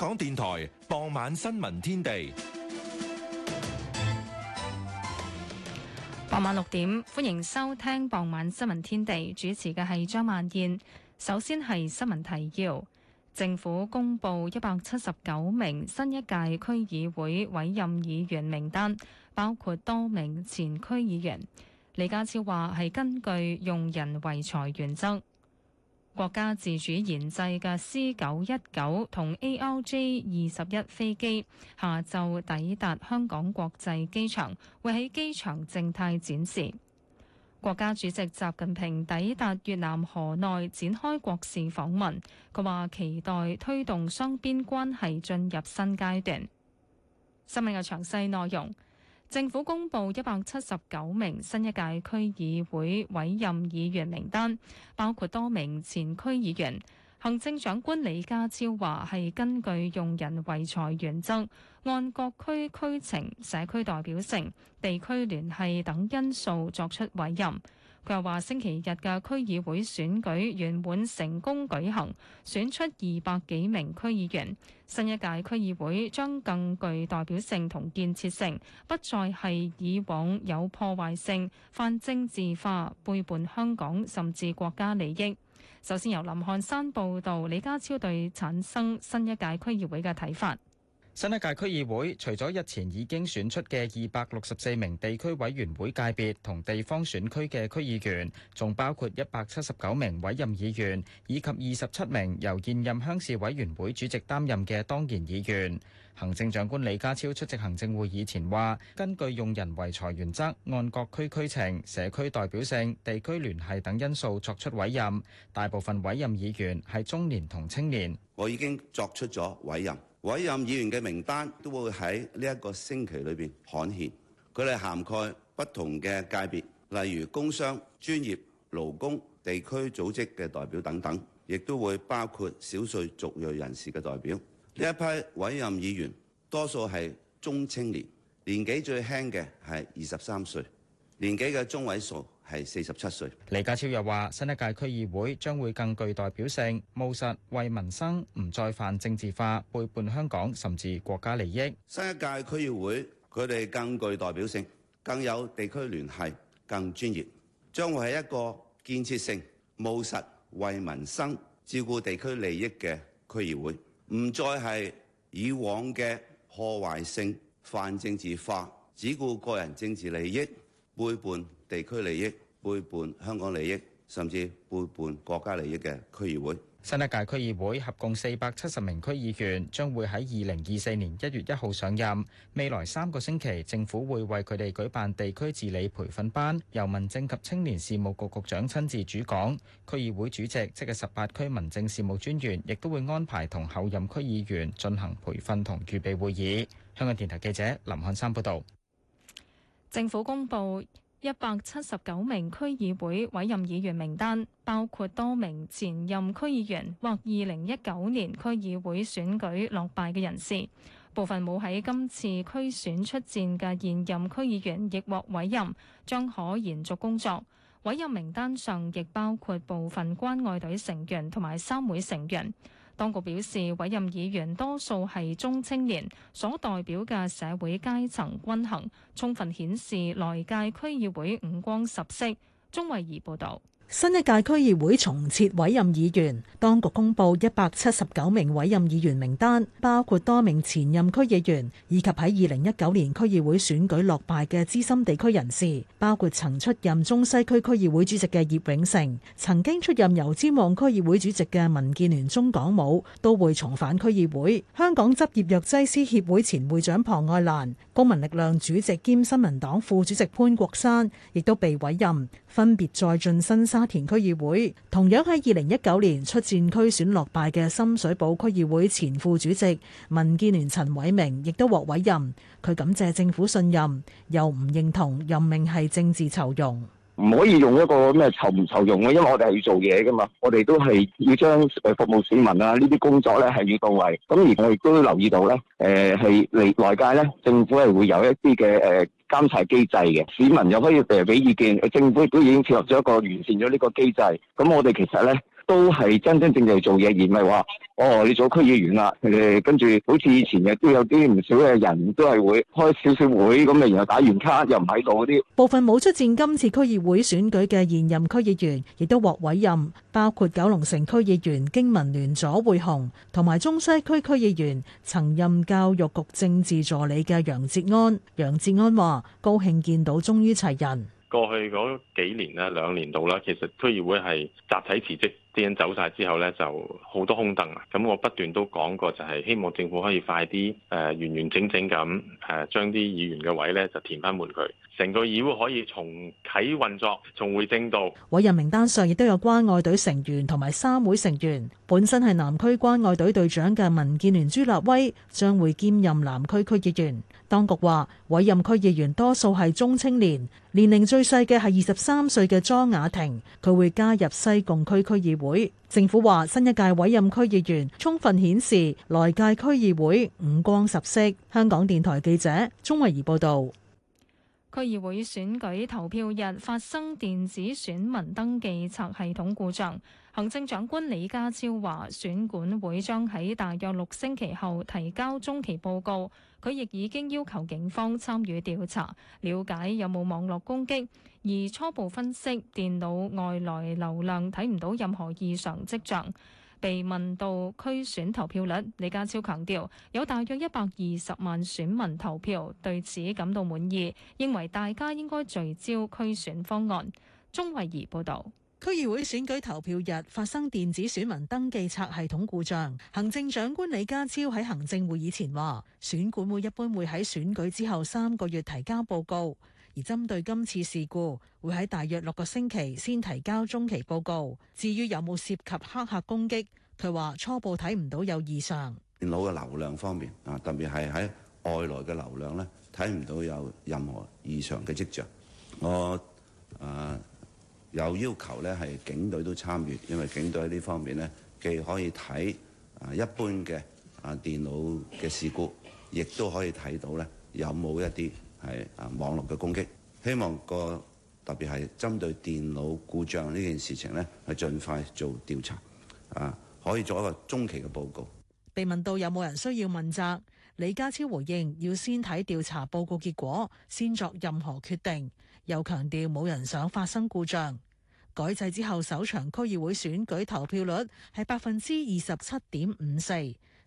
香港電台傍晚新聞天地，傍晚六點歡迎收聽傍晚新聞天地，主持嘅係張曼燕。首先係新聞提要：政府公布一百七十九名新一屆區議會委任議員名單，包括多名前區議員。李家超話係根據用人唯才原則。國家自主研製嘅 C 九一九同 ARJ 二十一飛機下晝抵達香港國際機場，會喺機場靜態展示。國家主席習近平抵達越南河內，展開國事訪問。佢話期待推動雙邊關係進入新階段。新聞嘅詳細內容。政府公布一百七十九名新一屆區議會委任議員名單，包括多名前區議員。行政長官李家超話，係根據用人唯才原則，按各區區情、社區代表性、地區聯繫等因素作出委任。佢又話：星期日嘅區議會選舉圓滿成功舉行，選出二百幾名區議員。新一屆區議會將更具代表性同建設性，不再係以往有破壞性、泛政治化、背叛香港甚至國家利益。首先由林漢山報道李家超對產生新一屆區議會嘅睇法。新一屆區議會除咗日前已經選出嘅二百六十四名地區委員會界別同地方選區嘅區議員，仲包括一百七十九名委任議員以及二十七名由現任鄉事委員會主席擔任嘅當然議員。行政長官李家超出席行政會議前話，根據用人唯才原則，按各區區情、社區代表性、地區聯繫等因素作出委任。大部分委任議員係中年同青年。我已經作出咗委任。委任議員嘅名單都會喺呢一個星期裏邊刊憲，佢哋涵蓋不同嘅界別，例如工商、專業、勞工、地區組織嘅代表等等，亦都會包括少數族裔人士嘅代表。呢一批委任議員多數係中青年，年紀最輕嘅係二十三歲，年紀嘅中位數係四十七歲。李家超又話：新一屆區議會將會更具代表性、務實、為民生，唔再泛政治化、背叛香港甚至國家利益。新一屆區議會佢哋更具代表性，更有地區聯繫，更專業，將會係一個建設性、務實、為民生、照顧地區利益嘅區議會，唔再係以往嘅破壞性、泛政治化、只顧個人政治利益、背叛地區利益，背叛香港利益，甚至背叛國家利益嘅區議會。新一屆區議會合共四百七十名區議員將會喺二零二四年一月一號上任。未來三個星期，政府會為佢哋舉辦地區治理培訓班，由民政及青年事務局局長親自主講。區議會主席即係十八區民政事務專員，亦都會安排同候任區議員進行培訓同預備會議。香港電台記者林漢山報道。政府公布。一百七十九名區議會委任議員名單，包括多名前任區議員或二零一九年區議會選舉落敗嘅人士，部分冇喺今次區選出戰嘅現任區議員亦獲委任，將可延續工作。委任名單上亦包括部分關愛隊成員同埋三會成員。當局表示，委任議員多數係中青年，所代表嘅社會階層均衡，充分顯示來屆區議會五光十色。鐘慧儀報導。新一屆區議會重設委任議員，當局公布一百七十九名委任議員名單，包括多名前任區議員以及喺二零一九年區議會選舉落敗嘅資深地區人士，包括曾出任中西區區議會主席嘅葉永成，曾經出任油尖旺區議會主席嘅民建聯鍾港武都會重返區議會。香港執業藥劑師協會前會長龐愛蘭、公民力量主席兼新民黨副主席潘國山亦都被委任，分別再晉身沙田區議會。同樣喺二零一九年出戰區選落敗嘅深水埗區議會前副主席民建聯陳偉明亦都獲委任。佢感謝政府信任，又唔認同任命係政治酬庸。唔可以用一個咩籌唔籌用嘅，因為我哋係要做嘢㗎嘛，我哋都係要將誒服務市民啊呢啲工作咧係要到位。咁而我亦都留意到咧，誒係嚟內界咧，政府係會有一啲嘅誒監察機制嘅，市民又可以誒俾意見，政府亦都已經設立咗一個完善咗呢個機制，咁我哋其實咧，都係真真正正做嘢，而唔係話哦，你做區議員啦誒，跟住好似以前亦都有啲唔少嘅人都係會開少少會咁，然後打完卡又唔喺度嗰啲。部分冇出戰今次區議會選舉嘅現任區議員，亦都獲委任，包括九龍城區議員經民聯左匯雄，同埋中西區區議員曾任教育局政治助理嘅楊哲安。楊哲安話：高興見到終於齊人。過去嗰幾年咧，兩年度咧，其實區議會係集體辭職。啲人走晒之後呢，就好多空凳啊！咁我不斷都講過，就係希望政府可以快啲誒完完整整咁誒將啲議員嘅位呢就填翻滿佢，成個議會可以重啓運作，重回正道。委任名單上亦都有關愛隊成員同埋三會成員。本身係南區關愛隊隊長嘅民建聯朱立威將會兼任南區區議員。當局話委任區議員多數係中青年，年齡最細嘅係二十三歲嘅莊雅婷，佢會加入西貢區區議員。會政府話，新一屆委任區議員充分顯示，來屆區議會五光十色。香港電台記者鍾慧儀報道。區議會選舉投票日發生電子選民登記冊系統故障。行政長官李家超話，選管會將喺大約六星期後提交中期報告。佢亦已經要求警方參與調查，了解有冇網絡攻擊。而初步分析電腦外來流量睇唔到任何異常跡象。被問到區選投票率，李家超強調有大約一百二十萬選民投票，對此感到滿意，認為大家應該聚焦區選方案。鍾慧儀報導。區議會選舉投票日發生電子選民登記冊系統故障，行政長官李家超喺行政會議前話，選管會一般會喺選舉之後三個月提交報告，而針對今次事故，會喺大約六個星期先提交中期報告。至於有冇涉及黑客攻擊，佢話初步睇唔到有異常。電腦嘅流量方面啊，特別係喺外來嘅流量呢，睇唔到有任何異常嘅跡象。我啊。有要求咧，係警隊都參與，因為警隊喺呢方面呢，既可以睇啊一般嘅啊電腦嘅事故，亦都可以睇到呢有冇一啲係啊網絡嘅攻擊。希望個特別係針對電腦故障呢件事情呢，係盡快做調查，啊可以做一個中期嘅報告。被問到有冇人需要問責？李家超回應，要先睇調查報告結果，先作任何決定。又強調冇人想發生故障。改制之後首場區議會選舉投票率係百分之二十七點五四。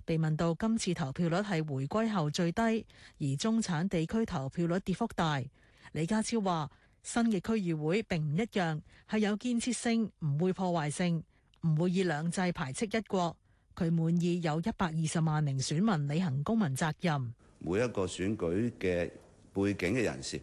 被問到今次投票率係回歸後最低，而中產地區投票率跌幅大，李家超話新嘅區議會並唔一樣，係有建設性，唔會破壞性，唔會以兩制排斥一國。佢滿意有一百二十萬名選民履行公民責任。每一個選舉嘅背景嘅人士，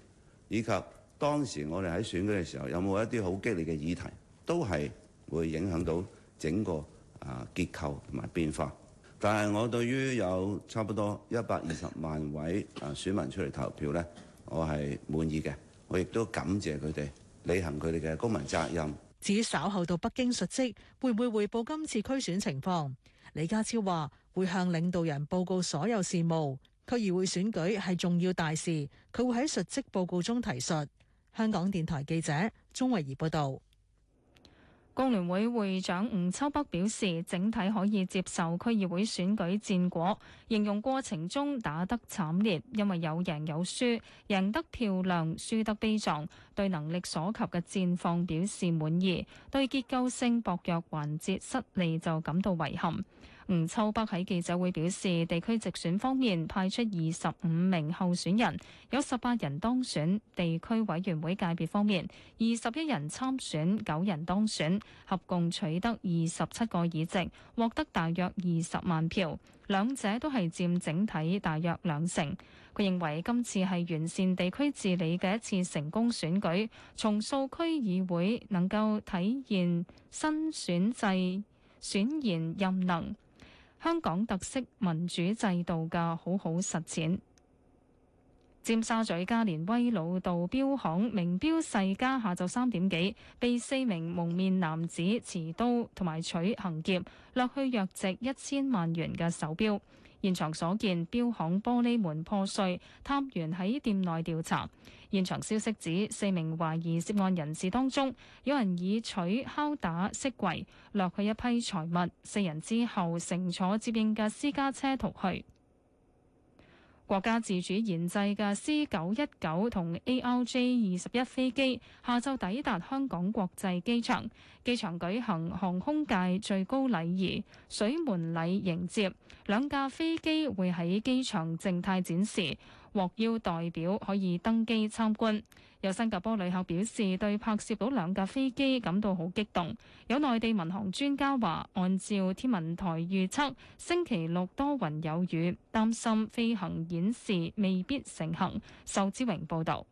以及當時我哋喺選舉嘅時候有冇一啲好激烈嘅議題，都係會影響到整個啊結構同埋變化。但係我對於有差不多一百二十萬位啊選民出嚟投票呢，我係滿意嘅。我亦都感謝佢哋履行佢哋嘅公民責任。至於稍後到北京述職，會唔會彙報今次區選情況？李家超話會向領導人報告所有事務，區議會選舉係重要大事，佢會喺述職報告中提述。香港電台記者鍾維儀報道。工聯會會長吳秋北表示，整體可以接受區議會選舉戰果，形容過程中打得慘烈，因為有贏有輸，贏得漂亮，輸得悲壯，對能力所及嘅戰況表示滿意，對結構性薄弱環節失利就感到遺憾。吳秋北喺記者會表示，地區直選方面派出二十五名候選人，有十八人當選；地區委員會界別方面，二十一人參選，九人當選，合共取得二十七個議席，獲得大約二十萬票，兩者都係佔整體大約兩成。佢認為今次係完善地區治理嘅一次成功選舉，重塑區議會能夠體現新選制，選賢任能，香港特色民主制度嘅好好實踐。尖沙咀加連威老道標行名錶世家下晝三點幾被四名蒙面男子持刀同埋取行劫，掠去約值一千萬元嘅手表。現場所見，錶行玻璃門破碎，探員喺店內調查。現場消息指，四名懷疑涉案人士當中，有人以錘敲打飾櫃，掠去一批財物。四人之後乘坐接應嘅私家車逃去。國家自主研製嘅 C 九一九同 ARJ 二十一飛機下晝抵達香港國際機場，機場舉行航空界最高禮儀水門禮迎接兩架飛機，會喺機場靜態展示。獲邀代表可以登機參觀，有新加坡旅客表示對拍攝到兩架飛機感到好激動。有內地民航專家話，按照天文台預測，星期六多雲有雨，擔心飛行演示未必成行。壽之榮報導。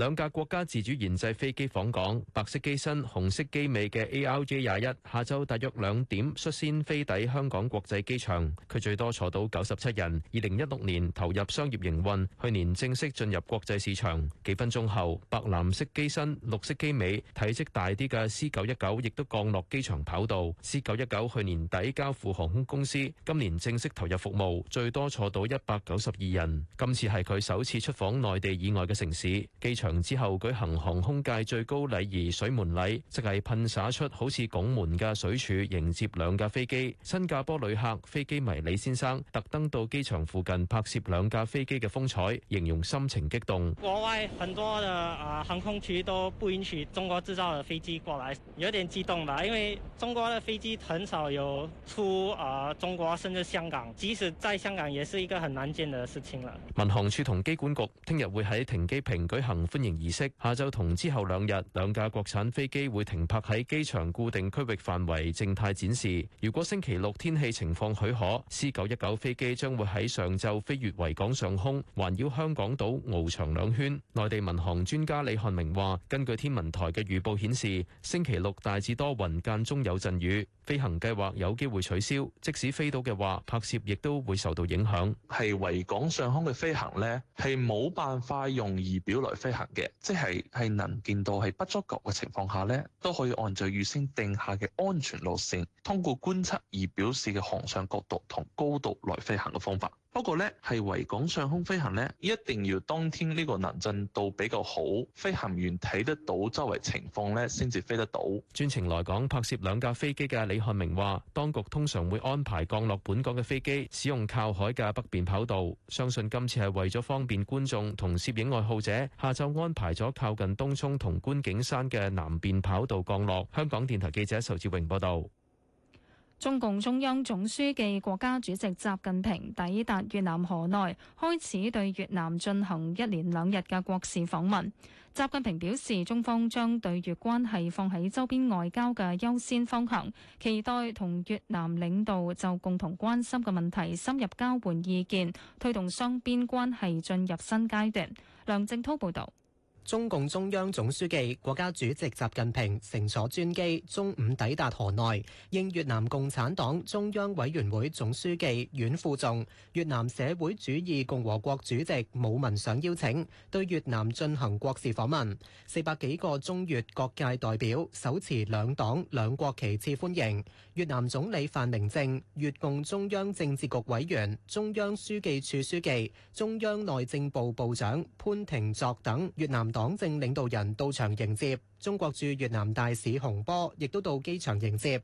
兩架國家自主研製飛機訪港，白色機身、紅色機尾嘅 ARJ 廿一，下晝大約兩點率先飛抵香港國際機場。佢最多坐到九十七人。二零一六年投入商業營運，去年正式進入國際市場。幾分鐘後，白藍色機身、綠色機尾、體積大啲嘅 C 九一九亦都降落機場跑道。C 九一九去年底交付航空公司，今年正式投入服務，最多坐到一百九十二人。今次係佢首次出訪內地以外嘅城市機場。之後舉行航空界最高禮儀水門禮，即係噴灑出好似拱門嘅水柱迎接兩架飛機。新加坡旅客飛機迷李先生特登到機場附近拍攝兩架飛機嘅風采，形容心情激動。國外很多嘅啊航空局都不允許中國製造嘅飛機過來，有點激動啦，因為中國的飛機很少有出啊中國甚至香港，即使在香港也是一個很難見的事情啦。民航處同機管局聽日會喺停機坪舉行。歡迎儀式，下晝同之後兩日，兩架國產飛機會停泊喺機場固定區域範圍，靜態展示。如果星期六天氣情況許可，C 九一九飛機將會喺上晝飛越維港上空，環繞香港島翱翔兩圈。內地民航專家李漢明話，根據天文台嘅預報顯示，星期六大致多雲，間中有陣雨。飛行計劃有機會取消，即使飛到嘅話，拍攝亦都會受到影響。係維港上空嘅飛行呢，係冇辦法用儀表來飛行嘅，即係係能見度係不足夠嘅情況下呢，都可以按照預先定下嘅安全路線，通過觀察儀表示嘅航上角度同高度來飛行嘅方法。不過呢，係維港上空飛行呢，一定要當天呢個能見度比較好，飛行員睇得到周圍情況呢，先至飛得到。專程來港拍攝兩架飛機嘅李漢明話，當局通常會安排降落本港嘅飛機使用靠海嘅北邊跑道，相信今次係為咗方便觀眾同攝影愛好者，下晝安排咗靠近東涌同觀景山嘅南邊跑道降落。香港電台記者仇志榮報道。中共中央總書記、國家主席習近平抵達越南河內，開始對越南進行一連兩日嘅國事訪問。習近平表示，中方將對越關係放喺周邊外交嘅優先方向，期待同越南領導就共同關心嘅問題深入交換意見，推動雙邊關係進入新階段。梁正濤報導。中共中央總書記、國家主席習近平乘坐專機中午抵達河內，應越南共產黨中央委員會總書記阮富仲、越南社會主義共和國主席武文賞邀請對越南進行國事訪問，四百幾個中越各界代表手持兩黨兩國旗幟歡迎，越南總理范明政、越共中央政治局委員、中央書記處書記、中央內政部部長潘廷作等越南黨政領導人到場迎接，中國駐越南大使洪波亦都到機場迎接。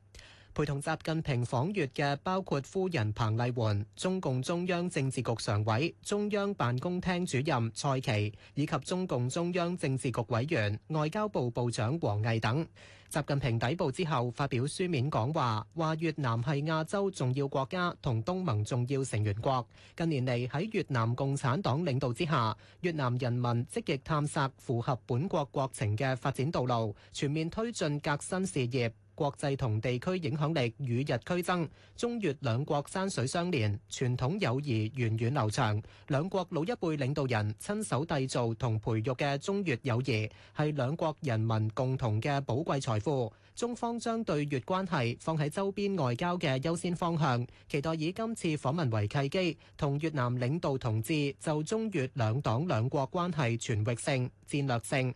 陪同習近平訪越嘅包括夫人彭麗媛、中共中央政治局常委、中央辦公廳主任蔡奇，以及中共中央政治局委員、外交部部長王毅等。習近平抵埗之後發表書面講話，話越南係亞洲重要國家同東盟重要成員國。近年嚟喺越南共產黨領導之下，越南人民積極探索符合本國國情嘅發展道路，全面推進革新事業。國際同地區影響力與日俱增，中越兩國山水相連，傳統友誼源遠流長。兩國老一輩領導人親手締造同培育嘅中越友誼，係兩國人民共同嘅寶貴財富。中方將對越關係放喺周邊外交嘅優先方向，期待以今次訪問為契機，同越南領導同志就中越兩黨兩國關係全域性、戰略性、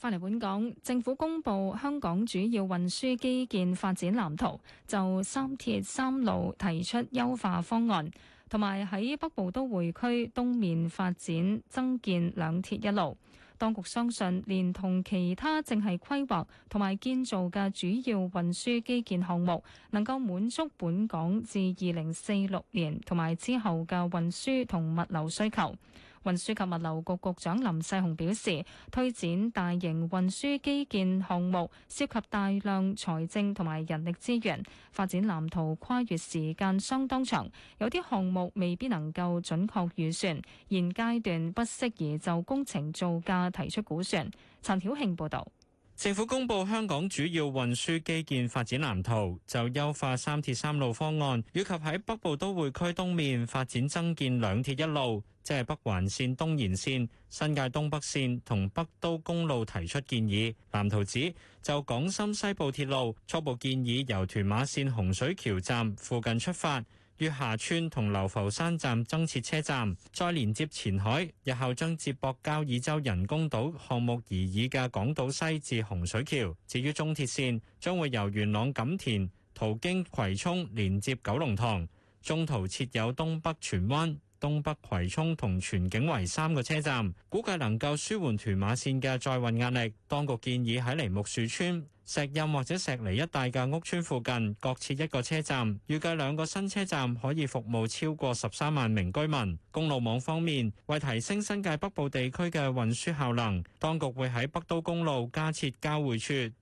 翻嚟本港，政府公布香港主要運輸基建發展藍圖，就三鐵三路提出優化方案，同埋喺北部都會區東面發展增建兩鐵一路。當局相信，連同其他正係規劃同埋建造嘅主要運輸基建項目，能夠滿足本港至二零四六年同埋之後嘅運輸同物流需求。運輸及物流局局長林世雄表示，推展大型運輸基建項目涉及大量財政同埋人力資源，發展藍圖跨越時間相當長，有啲項目未必能夠準確預算，現階段不適宜就工程造價提出估算。陳曉慶報導，政府公布香港主要運輸基建發展藍圖，就優化三鐵三路方案，以及喺北部都會區東面發展增建兩鐵一路。即係北環線、東延線、新界東北線同北都公路提出建議。藍圖指就港深西部鐵路初步建議由屯馬線洪水橋站附近出發，月下村同流浮山站增設車站，再連接前海，日後將接駁交椅洲人工島項目而已嘅港島西至洪水橋。至於中鐵線，將會由元朗錦田途經葵涌連接九龍塘，中途設有東北荃灣、東北葵涌同荃景圍三個車站，估計能夠舒緩屯馬線嘅載運壓力。當局建議喺梨木樹村、石蔭或者石梨一帶嘅屋村附近各設一個車站，預計兩個新車站可以服務超過十三萬名居民。公路網方面，為提升新界北部地區嘅運輸效能，當局會喺北都公路加設交匯處。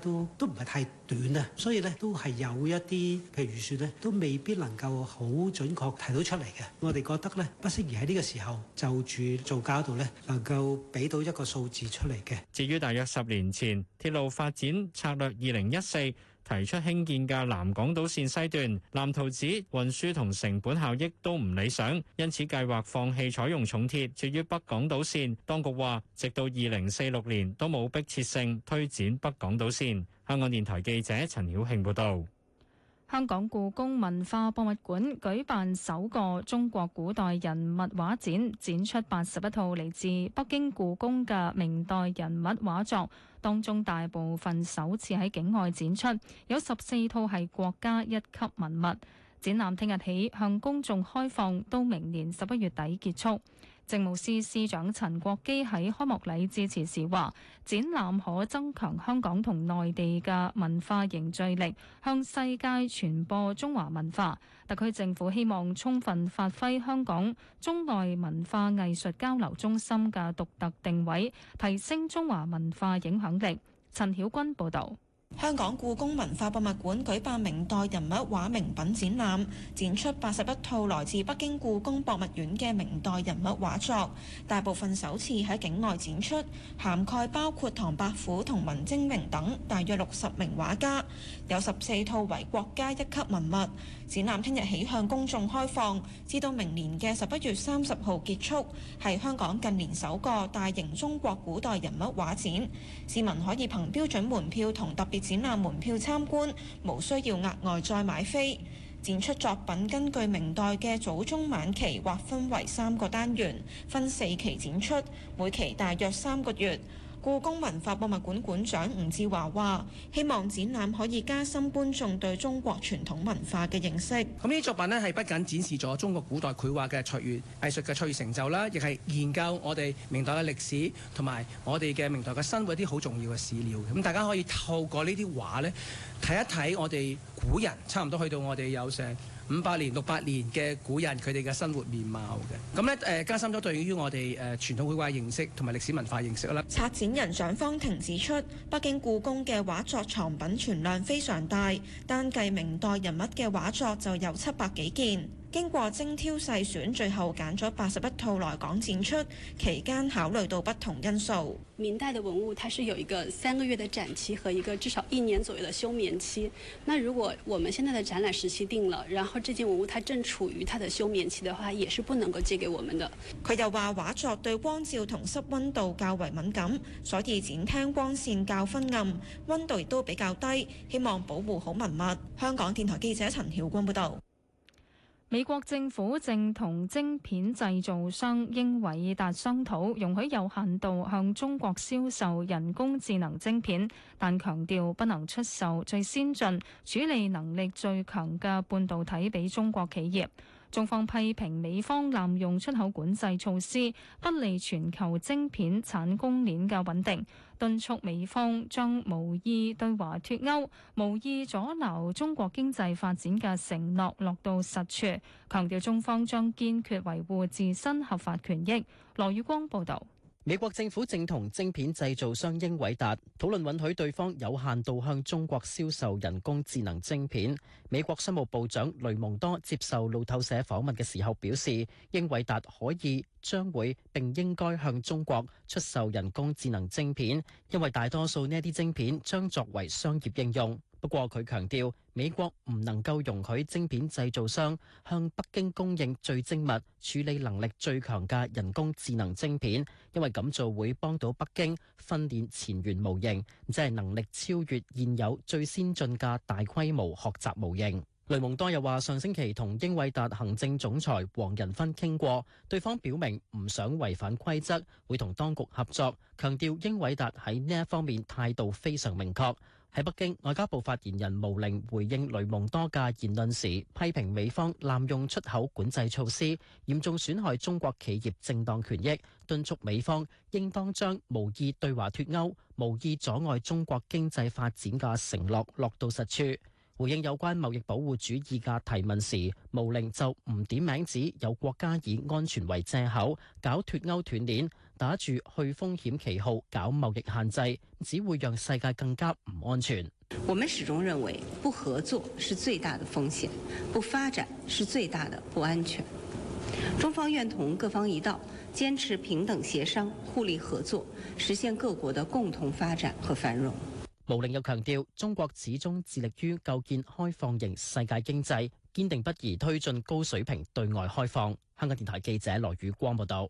都都唔係太短啊，所以咧都係有一啲譬如說咧，都未必能夠好準確提到出嚟嘅。我哋覺得咧，不適宜喺呢個時候就住做交度咧，能夠俾到一個數字出嚟嘅。至於大約十年前鐵路發展策略二零一四，提出興建嘅南港島線西段，藍圖指運輸同成本效益都唔理想，因此計劃放棄採用重鐵。至於北港島線，當局話直到二零四六年都冇迫切性推展北港島線。香港電台記者陳曉慶報道：「香港故宮文化博物館舉辦首個中國古代人物畫展，展出八十一套嚟自北京故宮嘅明代人物畫作。當中大部分首次喺境外展出，有十四套係國家一級文物。展覽聽日起，向公眾開放，到明年十一月底結束。政務司司長陳國基喺開幕禮致辭時話：展覽可增強香港同內地嘅文化凝聚力，向世界傳播中華文化。特區政府希望充分發揮香港中外文化藝術交流中心嘅獨特定位，提升中華文化影響力。陳曉君報道。香港故宮文化博物館舉辦明代人物畫名品展覽，展出八十一套來自北京故宮博物院嘅明代人物畫作，大部分首次喺境外展出，涵蓋包括唐伯虎同文徵明等大約六十名畫家，有十四套為國家一級文物。展覽聽日起向公眾開放，至到明年嘅十一月三十號結束，係香港近年首個大型中國古代人物畫展，市民可以憑標準門票同特別。展覽門票參觀，無需要額外再買飛。展出作品根據明代嘅早、中、晚期劃分為三個單元，分四期展出，每期大約三個月。故宮文化博物館館長吳志華話，希望展覽可以加深觀眾對中國傳統文化嘅認識。咁呢啲作品呢，係不僅展示咗中國古代繪畫嘅卓越藝術嘅卓越成就啦，亦係研究我哋明代嘅歷史同埋我哋嘅明代嘅生活一啲好重要嘅史料。咁大家可以透過呢啲畫呢，睇一睇我哋古人，差唔多去到我哋有成。五百年、六百年嘅古人佢哋嘅生活面貌嘅咁咧，誒加深咗對於我哋誒傳統繪畫認識同埋歷史文化認識啦。策展人蔣方婷指出，北京故宮嘅畫作藏品存量非常大，單計明代人物嘅畫作就有七百幾件。經過精挑細選，最後揀咗八十一套來港展出。期間考慮到不同因素，明代的文物它是有一個三個月的展期和一個至少一年左右的休眠期。那如果我們現在的展覽時期定了，然後這件文物它正處於它的休眠期的話，也是不能夠借給我們的。佢又話：畫作對光照同濕溫度較為敏感，所以展廳光線較昏暗，溫度亦都比較低，希望保護好文物。香港電台記者陳曉君報導。美國政府正同晶片製造商英偉達商討容許有限度向中國銷售人工智能晶片，但強調不能出售最先進、處理能力最強嘅半導體俾中國企業，中方批評美方濫用出口管制措施，不利全球晶片產供鏈嘅穩定。敦促美方將無意對華脫歐，無意阻撓中國經濟發展嘅承諾落落到實處，強調中方將堅決維護自身合法權益。羅宇光報道。美國政府正同晶片製造商英偉達討論允許對方有限度向中國銷售人工智能晶片。美國商務部長雷蒙多接受路透社訪問嘅時候表示，英偉達可以、將會、並應該向中國出售人工智能晶片，因為大多數呢啲晶片將作為商業應用。不過佢強調，美國唔能夠容許晶片製造商向北京供應最精密、處理能力最強嘅人工智能晶片，因為咁做會幫到北京訓練前沿模型，即係能力超越現有最先進嘅大規模學習模型。雷蒙多又話：上星期同英偉達行政總裁黃仁勳傾過，對方表明唔想違反規則，會同當局合作，強調英偉達喺呢一方面態度非常明確。喺北京，外交部發言人毛寧回應雷蒙多嘅言論時，批評美方濫用出口管制措施，嚴重損害中國企業正當權益，敦促美方應當將無意對華脫歐，無意阻礙中國經濟發展嘅承諾落，落到實處。回應有關貿易保護主義嘅提問時，毛寧就唔點名指有國家以安全為借口搞脫歐斷鏈。打住去風險旗號搞貿易限制，只會讓世界更加唔安全。我們始終認為，不合作是最大的風險，不發展是最大的不安全。中方願同各方一道，堅持平等協商、互利合作，實現各國的共同發展和繁榮。毛寧又強調，中國始終致力於構建開放型世界經濟，堅定不移推進高水平對外開放。香港電台記者羅宇光報道。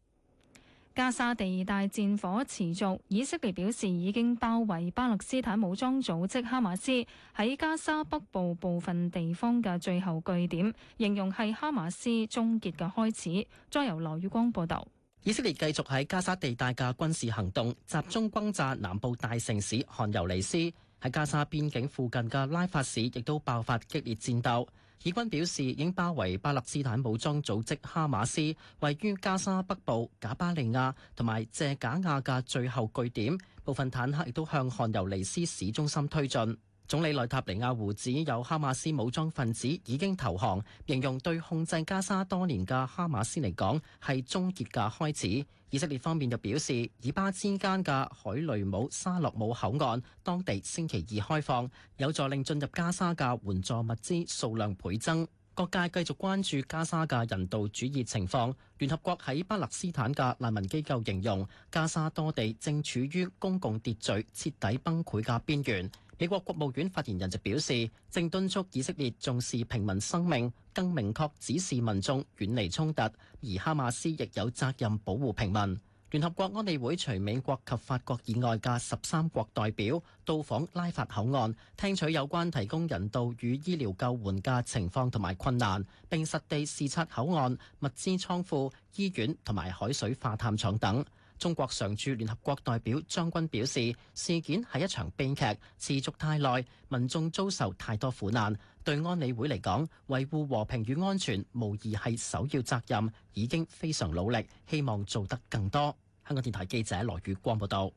加沙地帶戰火持續，以色列表示已經包圍巴勒斯坦武裝組織哈馬斯喺加沙北部部分地方嘅最後據點，形容係哈馬斯終結嘅開始。再由羅宇光報道，以色列繼續喺加沙地帶嘅軍事行動，集中轟炸南部大城市汗尤尼斯，喺加沙邊境附近嘅拉法市亦都爆發激烈戰鬥。以軍表示，已經包圍巴勒斯坦武裝組織哈馬斯位於加沙北部賈巴利亞同埋謝賈亞嘅最後據點，部分坦克亦都向汗尤尼斯市中心推進。總理內塔尼亞胡指，有哈馬斯武裝分子已經投降，形容對控制加沙多年嘅哈馬斯嚟講係終結嘅開始。以色列方面又表示，以巴之間嘅海雷姆沙洛姆口岸當地星期二開放，有助令進入加沙嘅援助物資數量倍增。各界繼續關注加沙嘅人道主義情況。聯合國喺巴勒斯坦嘅難民機構形容，加沙多地正處於公共秩序徹底崩潰嘅邊緣。美國國務院發言人就表示，正敦促以色列重視平民生命，更明確指示民眾遠離衝突，而哈馬斯亦有責任保護平民。聯合國安理會除美國及法國以外嘅十三國代表到訪拉法口岸，聽取有關提供人道與醫療救援嘅情況同埋困難，並實地視察口岸、物資倉庫、醫院同埋海水化淡廠等。中國常駐聯合國代表張軍表示，事件係一場悲劇，持續太耐，民眾遭受太多苦難。對安理會嚟講，維護和平與安全無疑係首要責任，已經非常努力，希望做得更多。香港電台記者羅宇光報道。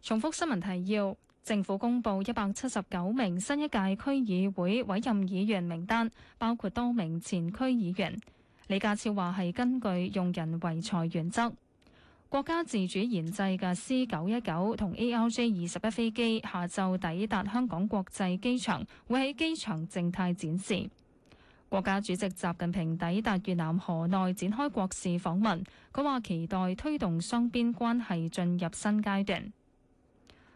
重複新聞提要：政府公布一百七十九名新一屆區議會委任議員名單，包括多名前區議員。李家超話係根據用人唯才原則。國家自主研製嘅 C 九一九同 A L J 二十一飛機下晝抵達香港國際機場，會喺機場靜態展示。國家主席習近平抵達越南河內，展開國事訪問。佢話：期待推動雙邊關係進入新階段。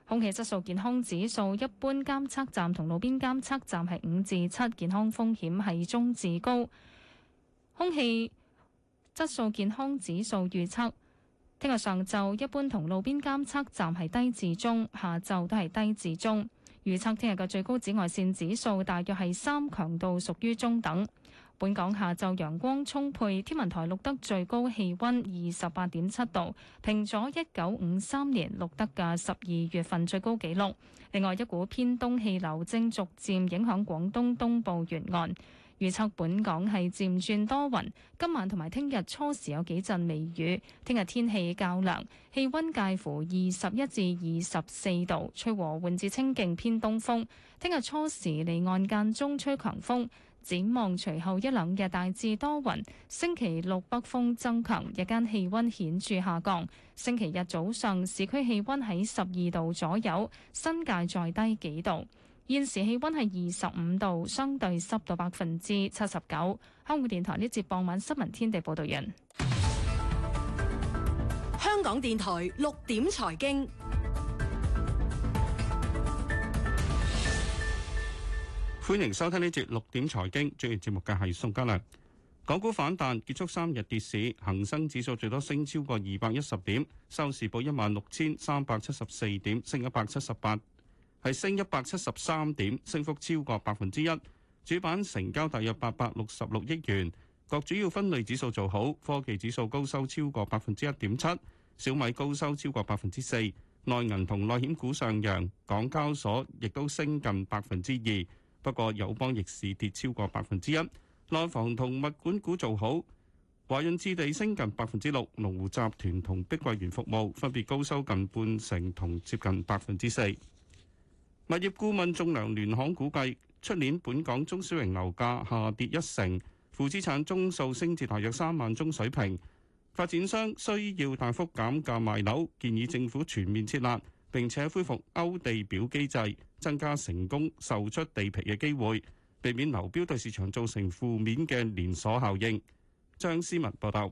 空氣質素健康指數，一般監測站同路邊監測站係五至七，健康風險係中至高。空氣質素健康指數預測。聽日上晝一般同路邊監測站係低至中，下晝都係低至中。預測聽日嘅最高紫外線指數大約係三強度，屬於中等。本港下晝陽光充沛，天文台錄得最高氣温二十八點七度，平咗一九五三年錄得嘅十二月份最高紀錄。另外，一股偏東氣流正逐漸影響廣東東,東部沿岸。預測本港係漸轉多雲，今晚同埋聽日初時有幾陣微雨，聽日天氣較涼，氣温介乎二十一至二十四度，吹和緩至清勁偏東風。聽日初時離岸間中吹強風，展望隨後一兩日大致多雲，星期六北風增強，日間氣温顯著下降。星期日早上市區氣温喺十二度左右，新界再低幾度。現時氣温係二十五度，相對濕度百分之七十九。香港電台呢節傍晚新聞天地報道人。香港電台六點財經，歡迎收聽呢節六點財經，主持節目嘅係宋嘉良。港股反彈結束三日跌市，恒生指數最多升超過二百一十點，收市報一萬六千三百七十四點，升一百七十八。係升一百七十三點，升幅超過百分之一。主板成交大約八百六十六億元，各主要分類指數做好，科技指數高收超過百分之一點七，小米高收超過百分之四。內銀同內險股上揚，港交所亦都升近百分之二。不過友邦逆市跌超過百分之一，內房同物管股做好，華潤置地升近百分之六，龍湖集團同碧桂園服務分別高收近半成同接近百分之四。物業顧問仲量聯行估計，出年本港中小型樓價下跌一成，負資產宗數升至大約三萬宗水平。發展商需要大幅減價賣樓，建議政府全面設立並且恢復勾地表機制，增加成功售出地皮嘅機會，避免流標對市場造成負面嘅連鎖效應。張思文報道。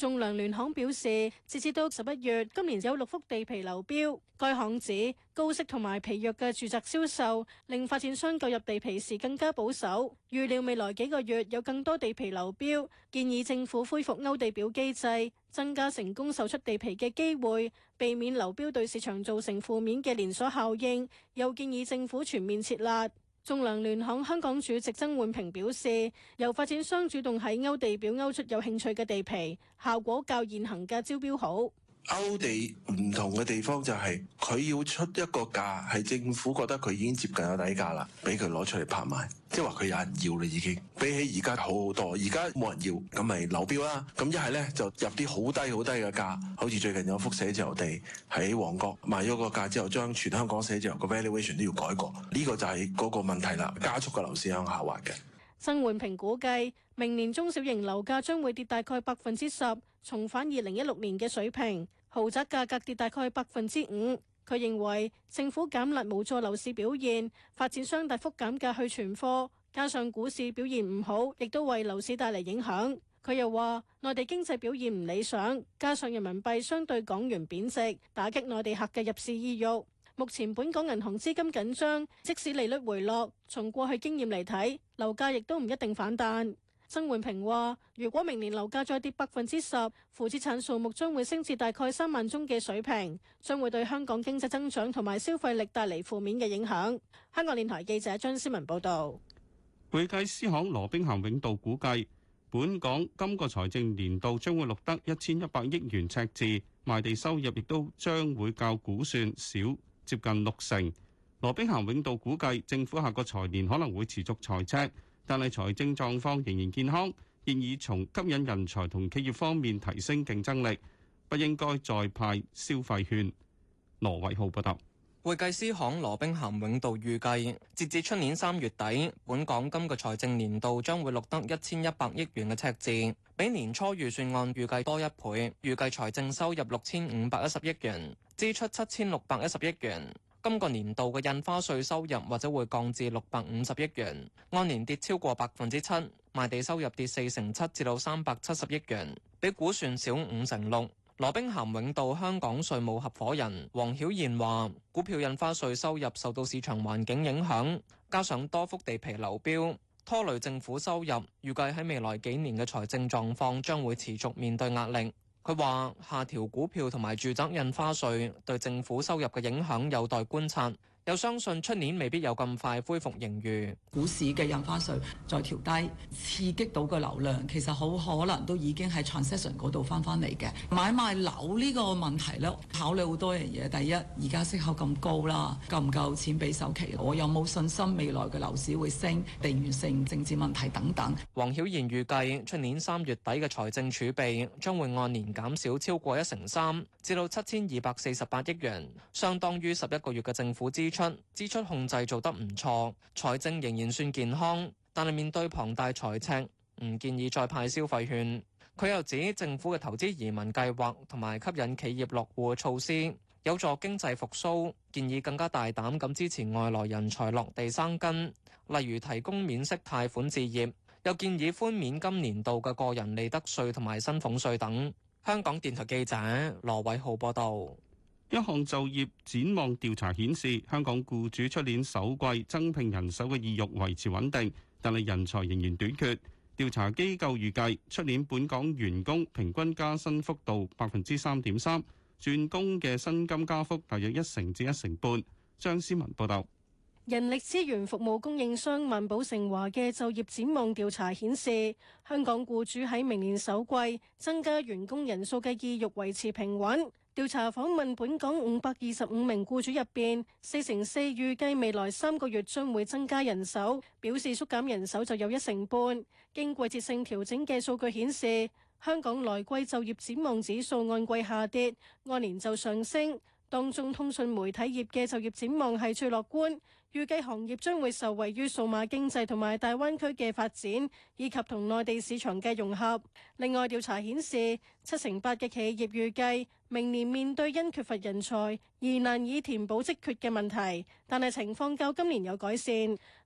仲量聯行表示，截至到十一月，今年有六幅地皮流標。該行指高息同埋疲弱嘅住宅銷售，令發展商購入地皮時更加保守。預料未來幾個月有更多地皮流標，建議政府恢復勾地表機制，增加成功售出地皮嘅機會，避免流標對市場造成負面嘅連鎖效應。又建議政府全面撤辣。仲量聯行香港主席曾煥平表示，由發展商主動喺勾地表勾出有興趣嘅地皮，效果較現行嘅招標好。歐地唔同嘅地方就係、是、佢要出一個價，係政府覺得佢已經接近有底價啦，俾佢攞出嚟拍賣，即係話佢有人要啦已經。比起而家好好多，而家冇人要咁咪流標啦。咁一係咧就入啲好低好低嘅價，好似最近有幅寫字樓地喺旺角賣咗個價之後，將全香港寫字樓個 valuation 都要改過。呢、這個就係嗰個問題啦，加速個樓市向下滑嘅。曾煥平估計，明年中小型樓價將會跌大概百分之十，重返二零一六年嘅水平。豪宅價格跌大概百分之五。佢認為政府減率無助樓市表現，發展商大幅減價去存貨，加上股市表現唔好，亦都為樓市帶嚟影響。佢又話內地經濟表現唔理想，加上人民幣相對港元貶值，打擊內地客嘅入市意欲。目前本港銀行資金緊張，即使利率回落，從過去經驗嚟睇。樓價亦都唔一定反彈。曾煥平話，如果明年樓價再跌百分之十，負資產數目將會升至大概三萬宗嘅水平，將會對香港經濟增長同埋消費力帶嚟負面嘅影響。香港電台記者張思文報道，會計師行羅兵咸永道估計，本港今個財政年度將會錄得一千一百億元赤字，賣地收入亦都將會較估算少，接近六成。羅兵咸永道估計，政府下個財年可能會持續財赤，但係財政狀況仍然健康，建議從吸引人才同企業方面提升競爭力，不應該再派消費券。羅偉浩報道，會計師行羅兵咸永道預計，截至出年三月底，本港今個財政年度將會錄得一千一百億元嘅赤字，比年初預算案預計多一倍。預計財政收入六千五百一十億元，支出七千六百一十億元。今個年度嘅印花稅收入或者會降至六百五十億元，按年跌超過百分之七，賣地收入跌四成七，至到三百七十億元，比估算少五成六。羅兵咸永道香港稅務合夥人黃曉燕話：股票印花稅收入受到市場環境影響，加上多幅地皮流標，拖累政府收入。預計喺未來幾年嘅財政狀況將會持續面對壓力。佢話：下調股票同埋住宅印花稅對政府收入嘅影響有待觀察。有相信出年未必有咁快恢復盈餘。股市嘅印花稅再調低，刺激到個流量，其實好可能都已經喺 transaction 嗰度翻翻嚟嘅。買賣樓呢個問題咧，考慮好多樣嘢。第一，而家息口咁高啦，夠唔夠錢俾首期？我有冇信心未來嘅樓市會升，地緣性、政治問題等等。黃曉賢預計出年三月底嘅財政儲備將會按年減少超過一成三，至到七千二百四十八億元，相當於十一個月嘅政府支出。支出控制做得唔錯，財政仍然算健康，但係面對龐大財赤，唔建議再派消費券。佢又指政府嘅投資移民計劃同埋吸引企業落戶嘅措施有助經濟復蘇，建議更加大膽咁支持外來人才落地生根，例如提供免息貸款置業，又建議寬免今年度嘅個人利得稅同埋薪俸稅等。香港電台記者羅偉浩報道。一項就業展望調查顯示，香港僱主出年首季增聘人手嘅意欲維持穩定，但係人才仍然短缺。調查機構預計，出年本港員工平均加薪幅度百分之三點三，轉工嘅薪金加幅大約一成至一成半。張思文報道，人力資源服務供應商萬寶盛華嘅就業展望調查顯示，香港僱主喺明年首季增加員工人數嘅意欲維持平穩。調查訪問本港五百二十五名僱主入邊，四成四預計未來三個月將會增加人手，表示縮減人手就有一成半。經季節性調整嘅數據顯示，香港來季就業展望指數按季下跌，按年就上升。當中通訊媒體業嘅就業展望係最樂觀。預計行業將會受惠於數碼經濟同埋大灣區嘅發展，以及同內地市場嘅融合。另外，調查顯示七成八嘅企業預計明年面對因缺乏人才而難以填補職缺嘅問題，但係情況較今年有改善。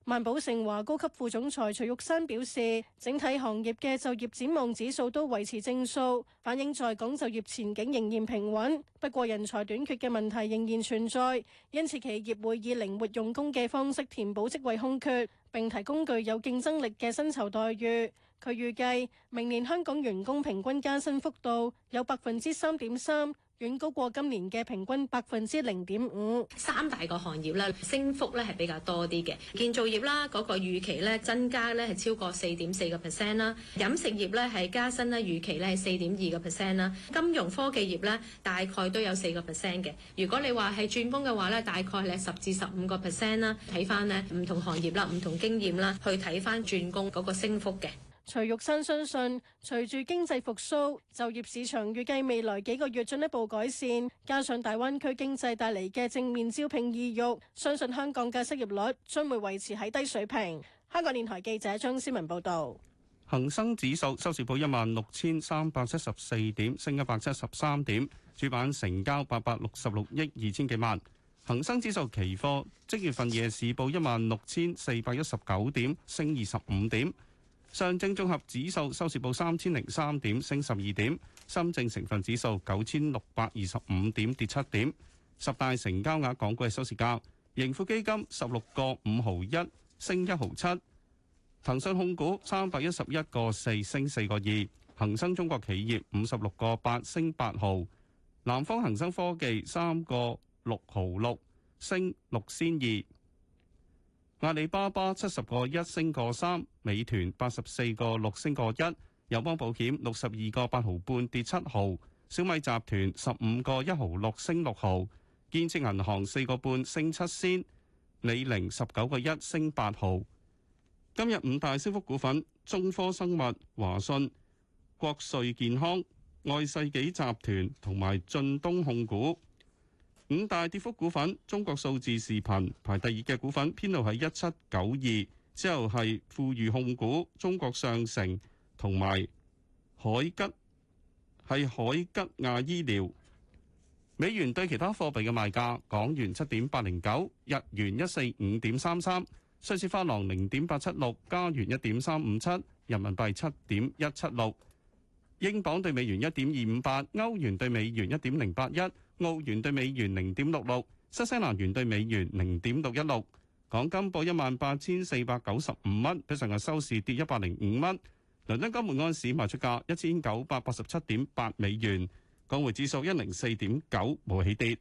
萬寶盛華高級副總裁徐玉山表示，整體行業嘅就業展望指數都維持正數，反映在港就業前景仍然平穩。不過，人才短缺嘅問題仍然存在，因此企業會以靈活用工嘅方式填補職位空缺，並提供具有競爭力嘅薪酬待遇。佢預計明年香港員工平均加薪幅度有百分之三點三。遠高過今年嘅平均百分之零點五。三大個行業咧升幅咧係比較多啲嘅，建造業啦嗰個預期咧增加咧係超過四點四個 percent 啦，飲食業咧係加薪咧預期咧係四點二個 percent 啦，金融科技業咧大概都有四個 percent 嘅。如果你話係轉工嘅話咧，大概咧十至十五個 percent 啦。睇翻咧唔同行業啦，唔同經驗啦，去睇翻轉工嗰個升幅嘅。徐玉新相信，隨住經濟復蘇，就業市場預計未來幾個月進一步改善，加上大灣區經濟帶嚟嘅正面招聘意欲，相信香港嘅失業率將會維持喺低水平。香港電台記者張思文報道。恒生指數收市報一萬六千三百七十四點，升一百七十三點，主板成交八百六十六億二千幾萬。恒生指數期貨即月份夜市報一萬六千四百一十九點，升二十五點。上證綜合指數收市報三千零三點，升十二點；深證成分指數九千六百二十五點，跌七點。十大成交額港股嘅收市價：盈富基金十六個五毫一，升一毫七；騰訊控股三百一十一個四，升四個二；恒生中國企業五十六個八，升八毫；南方恒生科技三個六毫六，升六仙二。阿里巴巴七十個一升個三，美團八十四個六升個一，友邦保險六十二個八毫半跌七毫，小米集團十五個一毫六升六毫，建設銀行四個半升七仙，李寧十九個一升八毫。今日五大升幅股份：中科生物、華信、國瑞健康、愛世紀集團同埋晉東控股。五大跌幅股份，中國數字視頻排第二嘅股份，編號係一七九二，之後係富裕控股、中國上城同埋海吉，係海吉亞醫療。美元對其他貨幣嘅賣價：港元七點八零九，日元一四五點三三，瑞士法郎零點八七六，加元一點三五七，人民幣七點一七六，英鎊對美元一點二五八，歐元對美元一點零八一。澳元兌美元零點六六，新西蘭元兌美元零點六一六。港金報一萬八千四百九十五蚊，比上日收市跌一百零五蚊。倫敦金門安市賣出價一千九百八十七點八美元，港匯指數一零四點九，冇起跌。